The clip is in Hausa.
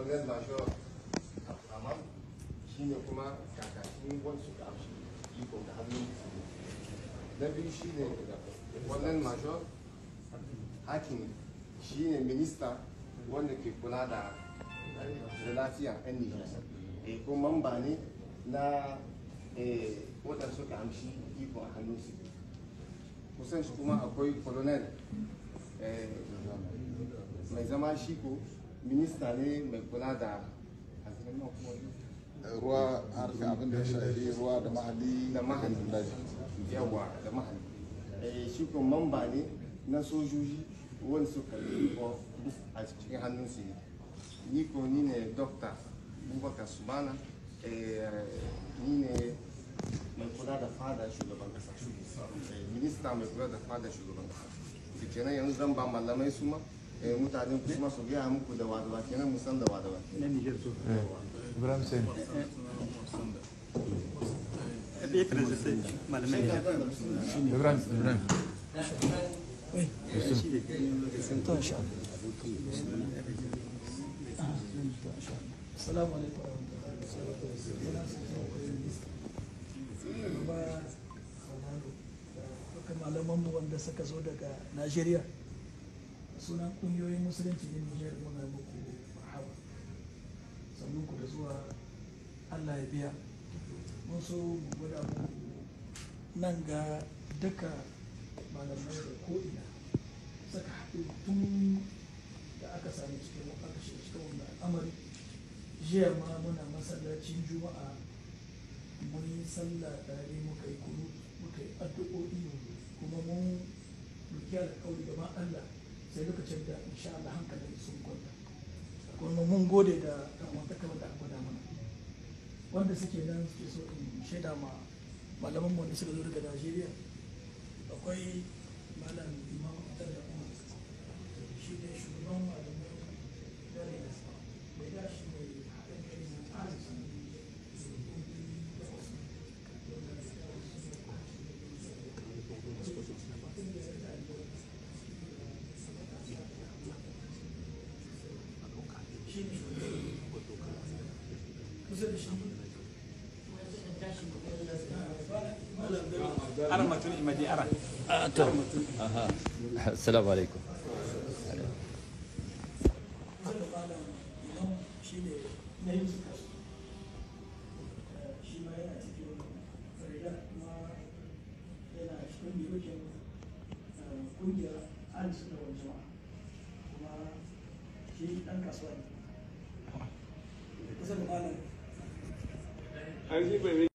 comrade major abdulrahman shi ne kuma kakakin wani suka amshi iko da hannun major hakim ne ke kula da lafiya yan ko ne na waɗanda suka amshi a akwai colonel eh, mai zama shiko minista ne mai kula da azumin ruwa harka abin da ya shafi ruwa da mahali da mahali yawa da mahali eh, shi kuma mamba ne na sojoji wani su yi a cikin hannun su ne ni ko ni ne dokta bubakar subana eh, ni ne mai kula da fada shugaban kasa eh, minista mai kula da fada shugaban kasa kenan yanzu zan ba malamai su ma متعدين كوش مصر جاء ممكن دواد دواد كنا مسند دواد دواد نني جرتو إبراهيم سين بيترز سين مال مني إبراهيم إبراهيم سنتو إن شاء الله السلام عليكم ورحمة الله وبركاته. Malamanmu wanda suka zo daga Najeriya. sunan kungiyoyin musulunci na nijar muna muku mahaba sannan ku da zuwa allah ya biya mun so mu gwada mu nan ga duka malamai da ko'ina saka haɗu tun da aka sami cikin aka shiga cikin wannan amari. jiya ma muna masallacin juma'a mun yi sallah tare muka yi kuru muka yi addu'o'i kuma mun rukiya da kawai gaban allah sai lokacin da insha Allah hankali sun kwanta kuma mun gode da dangantakar da aka mana wanda suke nan suke so in shaida ma malaman mu da suka zo daga Najeriya akwai malam Imam Abdullahi Umar shi ne السلام عليكم ولكن هذا هو मुसलमान है